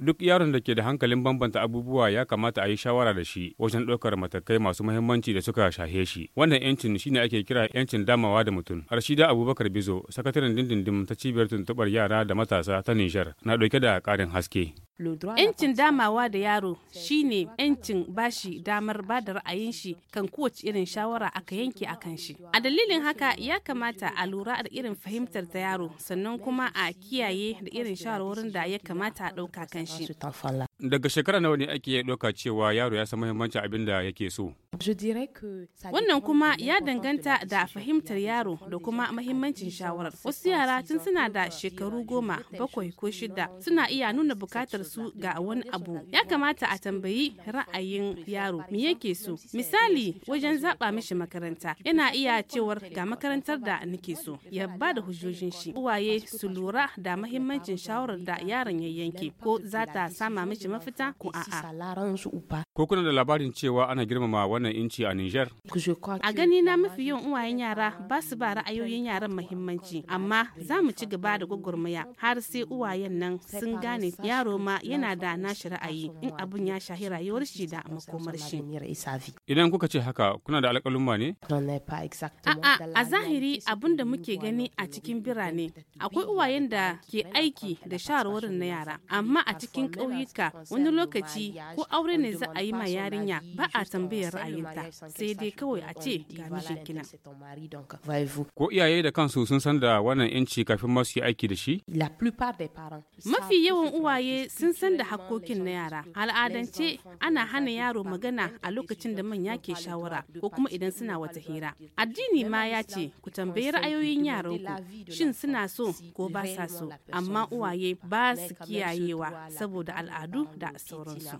duk yaron da ke da hankalin bambanta abubuwa ya kamata a yi shawara da shi wajen ɗaukar matakai masu muhimmanci da suka shahe shi wannan yancin shi ne ake kira yancin damawa da mutum arshida abubakar bizo sakataren dindindin ta cibiyar tuntuɓar yara da matasa ta nijar na ɗauke da ƙarin haske 'Yancin damawa da yaro shine 'yancin bashi damar bada ra'ayin shi kan kowace irin shawara aka yanke a kan shi. A dalilin haka ya kamata a lura da irin fahimtar ta yaro sannan kuma a kiyaye da irin shawarwarin da ya kamata a ɗauka kan shi. Daga shekara nawa ne ake ɗauka cewa yaro ya san muhimmancin abin da yake so? Wannan kuma ya danganta da fahimtar yaro da kuma mahimmancin shawarar. Wasu yara tun suna da shekaru goma, bakwai ko shida suna iya nuna bukatar su ga wani abu. Ya kamata a tambayi ra'ayin yaro me yake so. Misali wajen zaba mishi makaranta yana iya cewar ga makarantar da nake so. Ya ba da hujjojin shi. Uwaye su lura da mahimmancin shawarar da yaron ya yanke ko za ta sama mishi mafita ko a'a. Ko kuna da labarin cewa ana girmama wannan wannan inci a Nijar? A gani na mafi yin uwayen yara ba su ba ra'ayoyin yaran mahimmanci amma za mu ci gaba da gwagwarmaya har sai uwayen nan sun gane yaro ma yana da nashi ra'ayi in abun ya shahi rayuwar shi da makomar shi. Idan kuka ce haka kuna da alƙaluma ne? A'a a zahiri abun da muke gani a cikin birane akwai uwayen da ke aiki da shawarwarin na yara amma a cikin ƙauyuka wani lokaci ko aure ne za a yi ma yarinya ba a tambayar ra'ayi. ta sai dai kawai a ce ga mijin Ko iyaye da kansu sun san da wannan yanci kafin masu yi aiki da shi? Mafi yawan uwaye sun san da hakkokin na yara. Al'adance ana hana yaro magana a lokacin da manya ke shawara ko kuma idan suna wata hira. Addini ma ya ce ku tambayi ra'ayoyin yaranku shin suna so ko ba sa so amma uwaye ba su kiyayewa saboda al'adu da sauransu.